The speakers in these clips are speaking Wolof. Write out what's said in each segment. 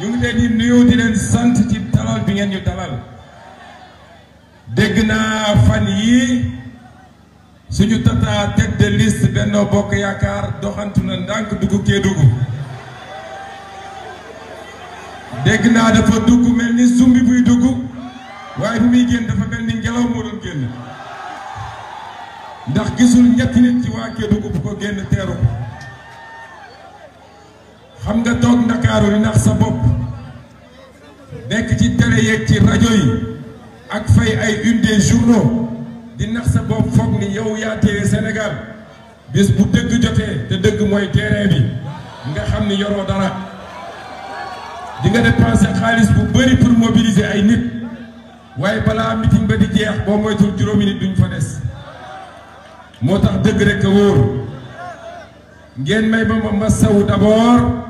ñu ngi leen di nuyu di leen sant ci dalal bi ngeen ñu dalal dégg naa fan yii suñu tata tête de liste Benno Bokk Yaakaar doxantu na ndànk dugg Kédougou dégg naa dafa dugg mel ni sumbi buy dugg waaye bi muy génn dafa mel ni ngelaw moo doon génn ndax gisul ñetti nit ci waa Kédougou bu ko génn teeru ko xam nga toog ndakaaru di nax sa bopp nekk ci télé yeeg ci rajo yi ak fay ay une des journaux di nax sa bopp foog ni yow yaa téye Sénégal bis bu dëgg jotee te dëgg mooy terrain bi nga xam ni yoroo dara di nga dépenser xaalis bu bëri pour mobiliser ay nit waaye balaa meeting ba di jeex boo moytul juróomi nit duñ fa des moo tax dëgg rek a wóor ngeen may ba ma ma saw d'abord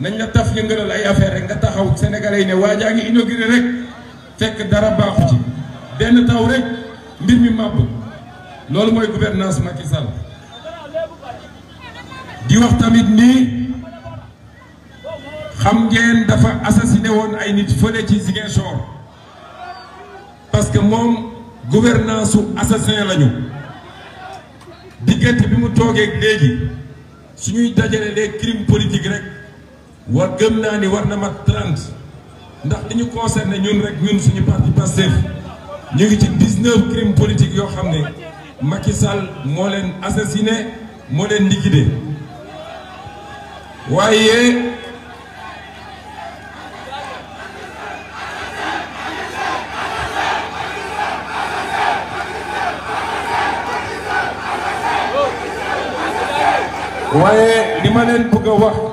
nañ la taf yëngalal ay affaire rek nga taxaw sénégalais yi ne waa jaa ngi inauguré rek fekk dara baaxu ci benn taw rek mbir mi màbb loolu mooy gouvernance Macky Sall di wax tamit nii xam ngeen dafa assassiné woon ay nit fële ci Ziguinchor parce que moom gouvernance su assassin lañu diggante bi mu toogee léegi su ñuy dajale les crimes politiques rek war gëm na ni war na mat 30 ndax diñu ñu concerné ñun rek ñun suñu parti Pastef ñu ngi ci 19 crime politique yo xamné Macky Sall mo leen assassiné mo leen liquidé wayé waaye li ma leen bëgg wax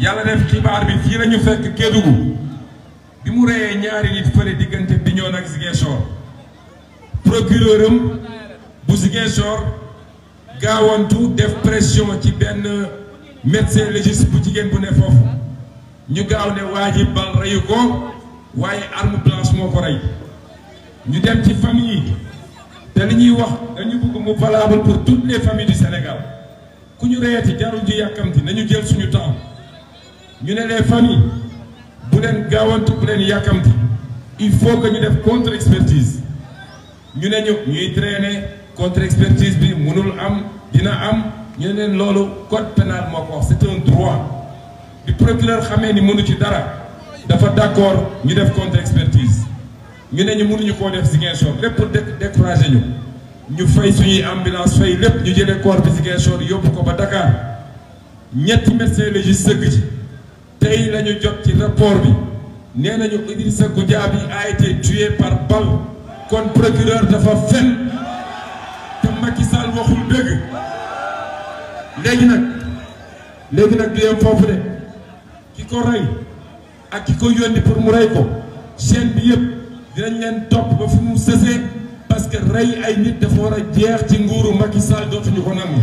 yalla def xibar bi qui lañu fekk bi mu ñaari nit bi ñoon ak Ziguinchor procureurum bu Ziguinchor def pression ci ben médecin légiste bu jigen bu ne fofu ñu gaaw ne waji bal rayu ko waye arme blanche moko ray ñu dem ci famille wax dañu bëgg mu valable pour toutes les familles du Sénégal ku ñu jarul ju yakamti nañu jël suñu temps nous, sommes les familles il faut que nous contre expertise Nous, nous, contre expertise nous avons am code pénal c'est un droit Le procureur ni mënu d'accord contre expertise Nous, avons ñu def Nous pour décourager ñu nous ambulance nous corps de nous, ko tey lañu ñu jot ci rapport bi nee Idrissa Goudiaby a été tué par balle kon procureur dafa fen te Macky Sall waxul dëgg légui nak légui nak du yem foofu de ki ko ak kiko yondi pour mu ray ko chaîne bi yépp dinañ leen top ba fu mu sësee parce que ray ay nit dafa wara a jeex ci nguuru Macky Sall ñu ko nangu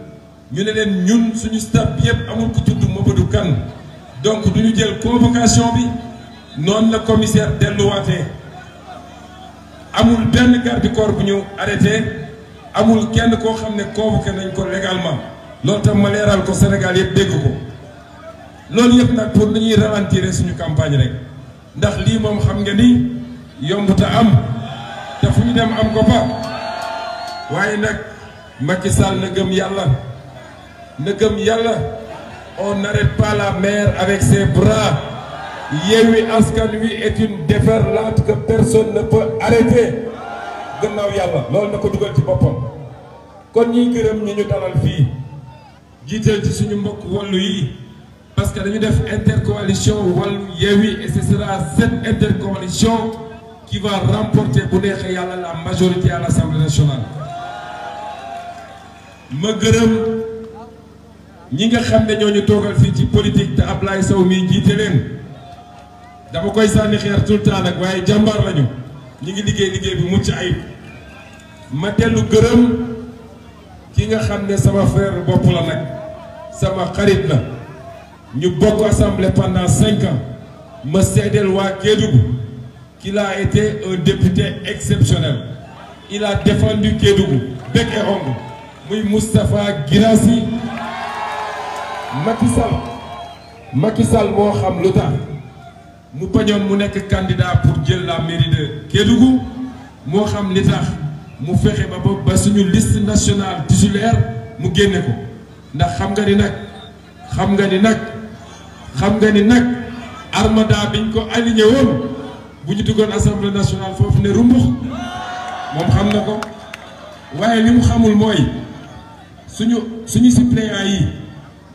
ñu ne leen ñun suñu staff bi yëpp amul ku tudd Mamadou Kane donc du ñu jël convocation bi noonu la commissaire delluwaatee amul benn garde corps bu ñëw arrêté amul kenn koo xam ne convoqué nañ ko légalement loolu tam ma leeral ko Sénégal yëpp dégg ko loolu yëpp nag pour nañuy ralentir suñu campagne rek ndax lii moom xam nga ni yombut a am te fu ñu dem am ko fa waaye nag Macky Sall na gëm yàlla. gëm on n'arrête pas la mer avec ses bras yewi Askan Wi est une déferlante que personne ne peut arrêter gannaaw yalla loolu nako duggal ci bopam kon ñi gërëm ñi ñu dalal fi jiiteel ci suñu mbokk wallu yi parce que dañu def intercoalition et ce sera cette intercoalition qui va remporter bu nexé yalla la majorité à l'Assemblée nationale ma dire ñi nga xam ne ñoo ñu toogal fii ci politique te Ablaye Sow mii jiite leen dama koy sanni xeer tout le temps nag waaye jàmbaar lañu ñi ngi liggéey liggéey bi mucc ayib ma dellu gërëm ki nga xam sama frère bop la nak sama xarit la ñu bokk assemblée pendant 5 ans ma sédel wa Kédougou qui a été un député exceptionnel il a défendu Kédougou bec et muy Moustapha girassi Macky Sall Macky moo xam lu tax mu bañoon mu nekk candidat pour jël la mairie de Kédougou moo xam li tax mu fexe ba ba suñu liste nationale titulaire mu génne ko ndax xam nga ni nag xam nga ni nag xam nga ni nag armada biñ ko aligné bu ñu duggoon assemblée nationale foofu ne rumbux moom xam na ko waaye li mu xamul mooy suñu suñu suppléant yi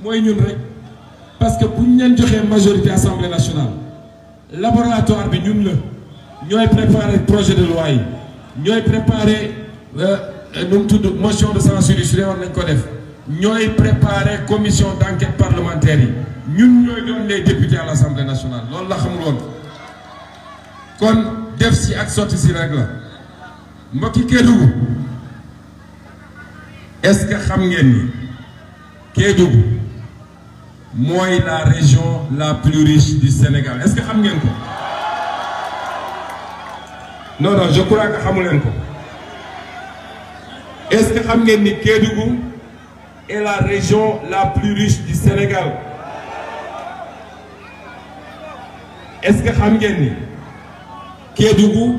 moy ñun rek parce que bu ñu leen majorité assemblée nationale laboratoire bi ñun la ñoy préparer projet de loi yi ñooy préparer euh tudd motion de censure du su dee war nañ ko def ñoy préparer commission d'enquête parlementaire yi ñun ñoy doon les députés à l'Assemblée nationale loolu la xamul woon kon def si ak sotti si rek la mbokki Kédougou est ce que xam ngeen ni Kédougou moi la région la plus riche du Sénégal est-ce que vous avez non non je crois que vous est-ce que vous ngeen Kédougou est la région la plus riche du Sénégal est-ce que vous ngeen Kédougou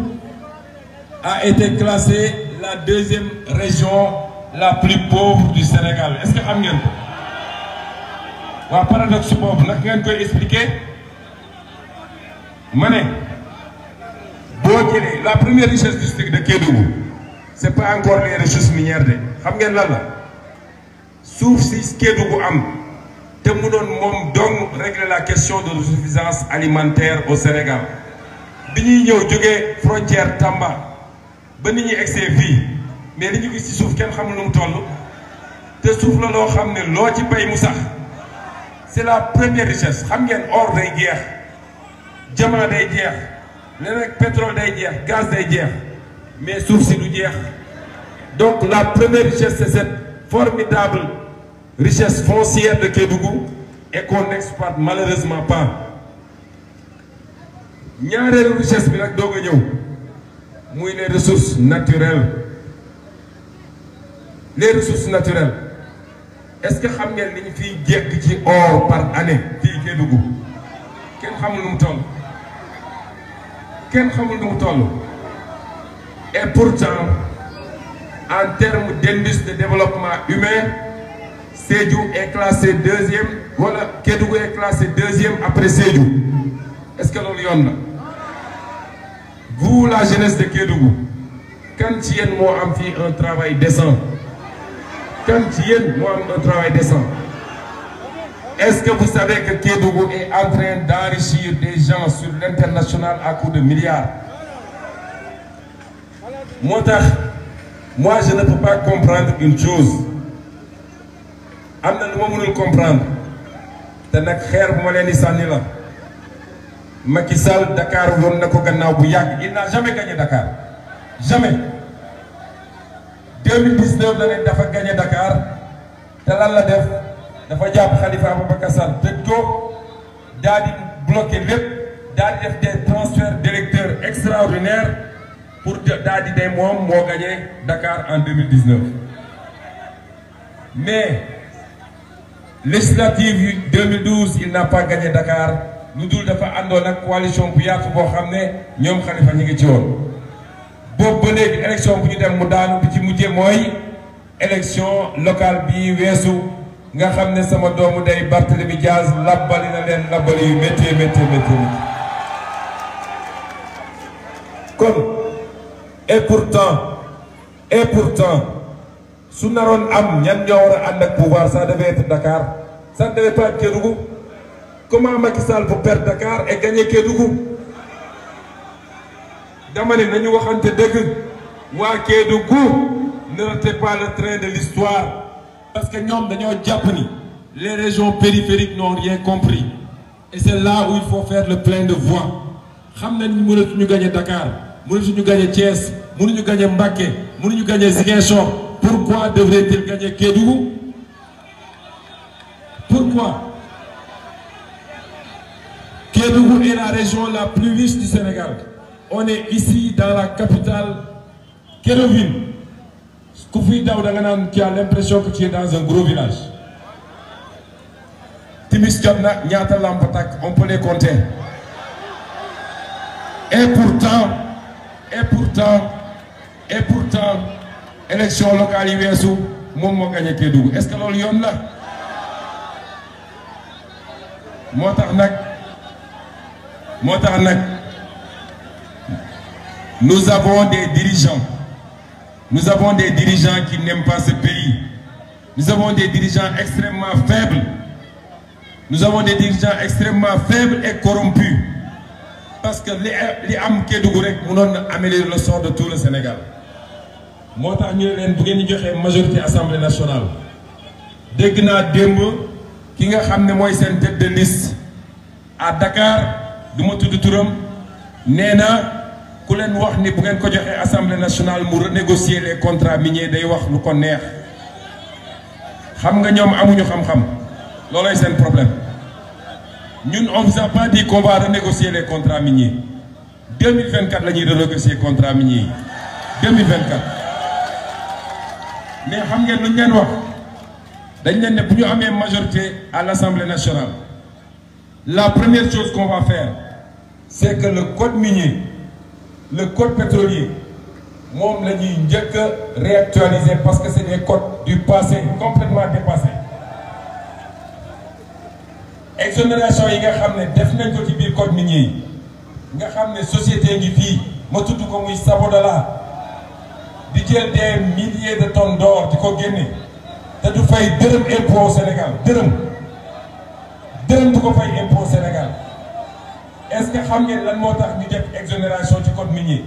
a été classée la deuxième région la plus pauvre du Sénégal est-ce que vous avez wa paradoxe boobu nag ngeen koy expliquer mané ne boo la première richesse district de Kédougou c'est pas encore les ressources minières de xam ngeen lan la souf si Kédougou am té mu doon mom dong régler la question de suffisance alimentaire au Sénégal bi ñuy ñëw jógee frontière Tamba ba nit ñi egsee fii mais li ñu gis ci suuf kenn xamul nu mu toll te suuf la loo xam ne loo ci bay mu sax c'est la première richesse xam or day le diamant day le pétrole day gaz day mais suuf du donc la première richesse c'est cette formidable richesse foncière de Kédougou et qu'on n'exploite malheureusement pas Il richesse bi nag doog qui ñëw les ressources naturelles les ressources naturelles est-ce que xam ngeen qui a or par année quest Kédougou que xamul avons et pourtant en termes d'indice de développement humain est classé deuxième Voilà, Kédougou est classé deuxième après Sédhiou est-ce que nous vous la jeunesse de Kédougou quand vous avez un travail décent quand tu yéen moo am un travail décent est-ce que vous savez que Kédougou est en train d'enrichir des gens sur l'international à coups de milliards Moi, moi je ne peux pas comprendre une chose am na lu comprendre te nag xeer bu ma leen la Macky Dakar woon na ko bu il n'a jamais gagné Dakar jamais 2019 l'année dafa gagné Dakar te lan la def dafa Khalifa Ababacar Sall tëj ko bloqué d'Adi def des transferts d'électeurs extraordinaires pour que le ne moom gagné Dakar en 2019 mais législative 2012 il n'a pas gagné Dakar Nous devons dafa àndoon ak coalition bu yaatu boo xam ne Khalifa Bon élection dem mu daanu ci locale nga sama doomu day et pourtant et pourtant su am a pouvoir ça devait être Dakar ça ne devait pas être Kédougou comment Macky peut perdre Dakar et gagner Kédougou dama nañu waxante ne ratez pas le train de l'histoire parce que nous sommes japp ni les régions périphériques n'ont rien compris et c'est là où il faut faire le plein de voix xam nous mënatuñu gagné Dakar nous mënatuñu gagné Thiès ñu gagné nous ñu gagné Ziguinchor pourquoi devrait-il gagner Kédougou pourquoi Kédougou est la région la plus riche du Sénégal on est ici dans la capitale Kérovine. Koufi Daoudanganam qui a l'impression que tu es dans un gros village. Timis Nyata Lampatak, on peut les compter. Et pourtant, et pourtant, et pourtant, élection locale IVSU, mon mot gagné Kédougou. Est-ce que l'on y moi a moi nous avons des dirigeants. Nous avons des dirigeants qui n'aiment pas ce pays. Nous avons des dirigeants extrêmement faibles. Nous avons des dirigeants extrêmement faibles et corrompus. Parce que les âmes qui rek mënoon améliorer le sort de tout le Sénégal. Moi, tax ñu majorité leen majorité assemblée nationale Dès que démb ki nga xam ne mooy tête de liste à Dakar du ma en turam de ku vous wax ni bu ngeen ko nationale pour renégocier les contrats miniers day wax lu ko neex xam nga ñoom amuñu xam-xam C'est un problème Nous on vous a pas dit qu'on va renégocier les contrats miniers 2024 nous ñuy renégocier les contrats miniers. 2024 mais xam ngeen lu que leen wax dañ leen ne bu une majorité à l'Assemblée nationale la première chose qu'on va faire c'est que le code minier le code pétrolier moom la il njëkk a réactualiser parce que c'est des codes du passé complètement dépassés exonération yi nga a ne def nañ ko ci biir code minier yi nga xam ne société ngi fii ma tudd ko muy Sabodala y des milliers de tonnes d'or sont gagnées. génne te du fay impôts impôt Sénégal dërëm dërëm du fay impôt Sénégal est-ce que vous savez lan exonération du code minier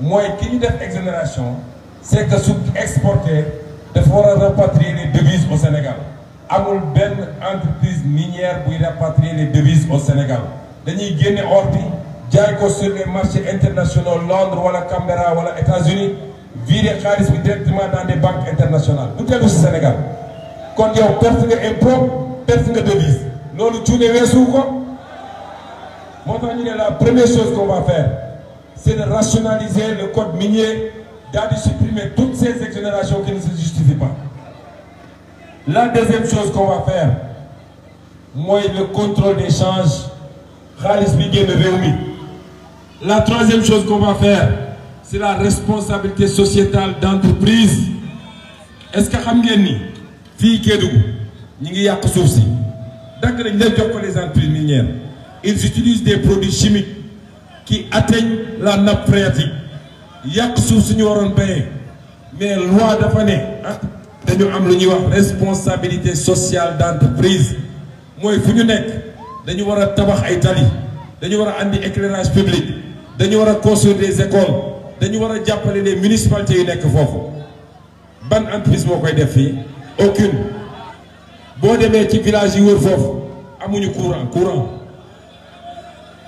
Moi, qui ñu def exonération c'est que sous exporter dafa repatrier rapatrier les devises au Sénégal amul une entreprise minière pour rapatrier les devises au Sénégal dañuy génne une bi ko sur les marchés internationaux Londres wala Canberra les États-Unis virer xaalis bi directement dans des banques internationales Nous, dellu le Sénégal Quand kon yow perte nga personne perte nga devise loolu cuune weesu ko la première chose qu'on va faire c'est de rationaliser le code minier d'aller supprimer toutes ces exonérations qui ne se justifient pas la deuxième chose qu'on va faire moyen le contrôle des changes la troisième chose qu'on va faire c'est la responsabilité sociétale d'entreprise est-ce que vous les entreprises minières ils utilisent des produits chimiques qui atteignent la nappe phréatique a suuf suñu waroon béyee mais loi dafa ne ah dañu am lu wax responsabilité sociale d'entreprise mooy fu ñu nekk dañu war a tabax ay tali dañu war a andi éclairage public dañu war construire des écoles dañu war a les municipalités yu nekk foofu ban entreprise moo koy def fii aucune boo demee ci village yi wër foofu amuñu courant courant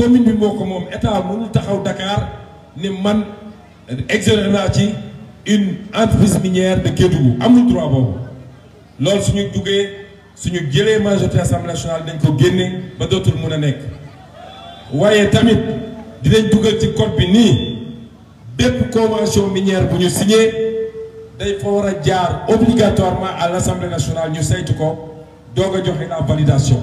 commune bi moo ko état mënul taxaw Dakar ni man exonéré ci une entreprise minière de Kédougou amul droit bobu loolu suñu duggee suñu jëlé majorité assemblée nationale dañ ko génne ba dootul mun nek wayé waaye tamit dinañ dugal ci code bi ni bépp convention minière bu ñu signé day fa war jaar obligatoirement à l'assemblée nationale ñu saytu ko doga joxé la validation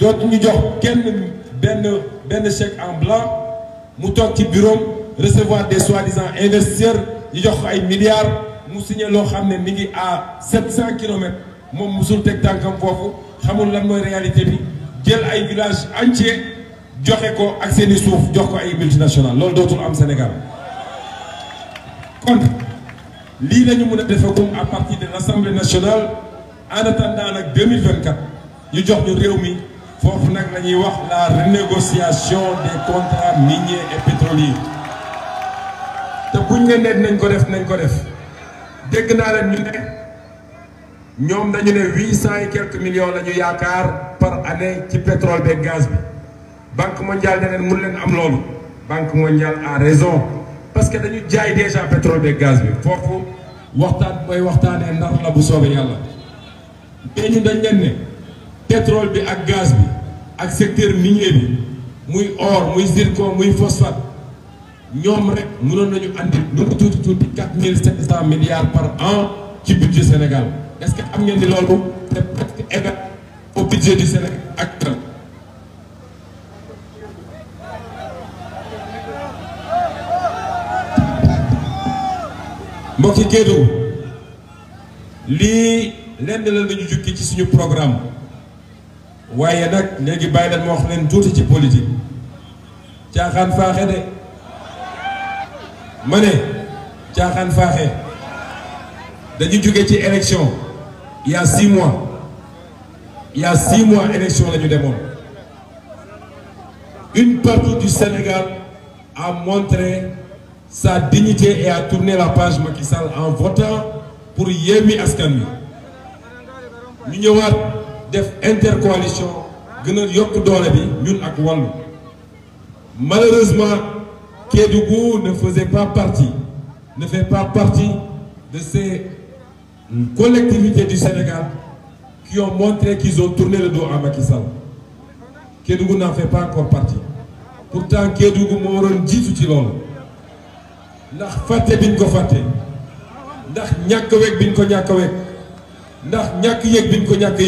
ñu jox kenn ben benn chèque en blanc mu toog ci bureau recevoir des soi-disant investisseurs il jox a ay milliards nous signé loo xam à 700 km, moom musul tek tànkam foofu poivre, lan la réalité bi jël ay village entier joxe ko ak à suuf jox ko ay multinationales loolu Sénégal contre lii la ñu mën a à partir de l'Assemblée nationale en attendant 2024 ñu jox ñu réew mi foofu nag la wax la renégociation des contrats miniers et pétroliers te buñ ne nee nañ ko def nañ ko def dégg naa leen ñu ne ñoom dañu ne huit cent quelques millions la ñu par année ci pétrole et gaz bi banque mondiale ne leen mun leen am loolu banque mondiale a raison parce que dañu jaay déjà pétrole et gaz bi foofu waxtaan mooy waxtaanee ndar la bu soobee yàlla mais ñu dañ leen ne. pétrole bi ak gaz bi ak secteur minier bi muy or muy zircon muy phosphate ñoom rek mënoon nañu andi lu mu tuuti tuuti milliards par an ci budget Sénégal est-ce que am ngeen ni loolu c'est presque égal au budget du Sénégal actuel mbokki Kédougou lii lenn la ñu jukki ci suñu programme waaye nag léegi bàyyi leen ma wax leen tuuti ci politique caaxaan faaxe de ma ne caaxaan faaxe dañu jóge ci élection il y a six mois il y a six mois élection la ñu demoon une partie du Sénégal a montré sa dignité et a tourné la page Macky Sall en votant pour Yemi Askan Wi ñu ñëwaat def intercoalition gën a yokk doole bi ñun ak wàllu malheureusement Kédougou ne faisait pas partie ne fait pas partie de ces collectivités du Sénégal qui ont montré qu'ils ont tourné le dos à Macky Sall Kédougou n'en fait pas encore partie pourtant Kédougou moo waroon jiitu ci loolu ndax fàtte biñ ko fàtte ndax ñàkk weg biñ ko ñàkk weg ndax ñàkk yéeg biñ ko ñàkk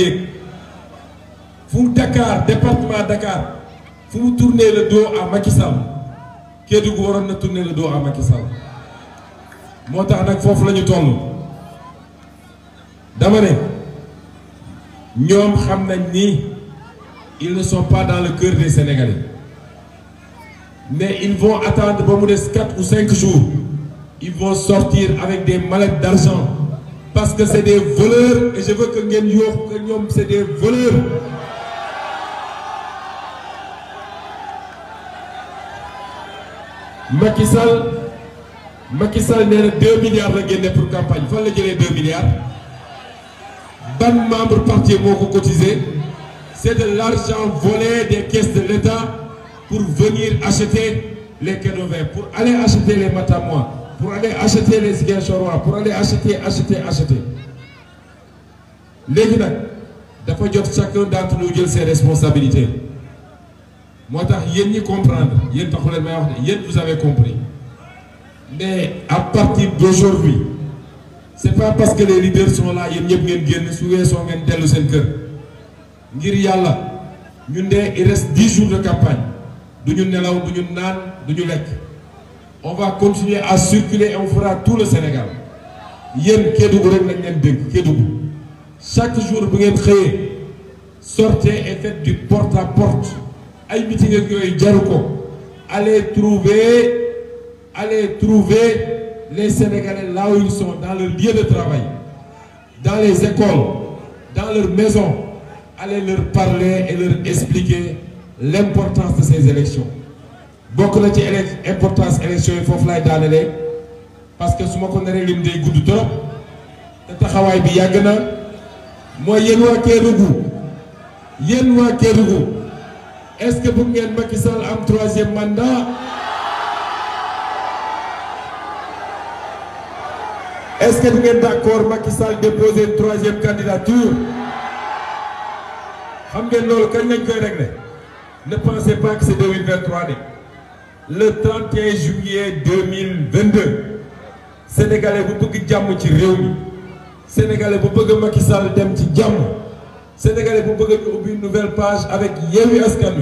vous Dakar département Dakar vous tourner le dos à Macky Sall Kédougou na tourner le dos à Macky Sall Moi, tax un foofu ne ils ne sont pas dans le cœur des Sénégalais mais ils vont attendre pour mu 4 ou 5 jours ils vont sortir avec des mallettes d'argent parce que c'est des voleurs et je veux que Nyom que c'est des voleurs Macky Sall Macky Sall 2 milliards la génne pour campagne fan la gérer 2 milliards ban membre parti Moko cotisée. c'est de l'argent volé des caisses de l'État pour venir acheter les verts, pour aller acheter les Matamois pour aller acheter les Guéchorois, pour aller acheter acheter acheter Les nag dafa jot chacun d'entre nous jël ses responsabilités. Moi, vous comprenez, comprendre vous avez compris mais à partir d'aujourd'hui ce n'est pas parce que les leaders sont là yéen ñëpp ngeen génn su ngeen dellu seen cœur. ngir ñun de il reste dix jours de campagne on va continuer à circuler et on fera tout le Sénégal chaque jour bu ngeen sortez et faites du porte à porte ay allez trouver Aller trouver les Sénégalais là où ils sont dans leur lieu de travail dans les écoles dans leur maison allez leur parler et leur expliquer l'importance de ces élections Beaucoup na L'importance élec importance élections yi foofu laay parce que si ma ko naree lim day gudd trop te taxawaay bi yàgg na mooy yéen waa Kédougou est-ce que vous ngeen Macky Sall troisième mandat est-ce que vous ngeen d'accord Macky Sall déposer une troisième candidature xam ngeen ne pensez pas que c'est 2023 le 31 juillet 2022 sénégalais bu pouvez vous ci sénégalais bu bëgg Macky Sall sénégalais bu bëgg ñu ubbi une nouvelle page avec Yemi Askan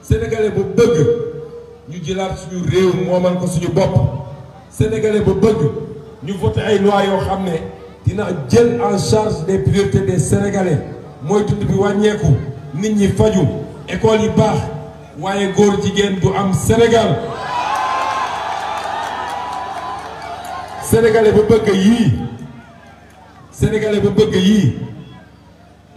sénégalais bu bëgg ñu jëlaat suñu réew moomal ko suñu bopp sénégalais bu bëgg ñu voté ay loi yoo xam dina jël en charge des priorités des sénégalais mooy dund bi wàññeeku nit ñi faju école yi baax waaye góor jigéen am Sénégal sénégalais bu bëgg sénégalais bu bëgg